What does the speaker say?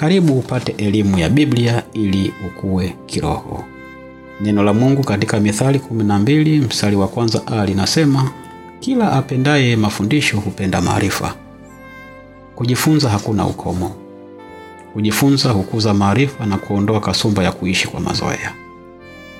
Karibu upate elimu ya Biblia ili ukue kiroho. Neno la Mungu katika Mithali 12 mstari wa kwanza a linasema, kila apendaye mafundisho hupenda maarifa. Kujifunza hakuna ukomo. Kujifunza hukuza maarifa na kuondoa kasumba ya kuishi kwa mazoea.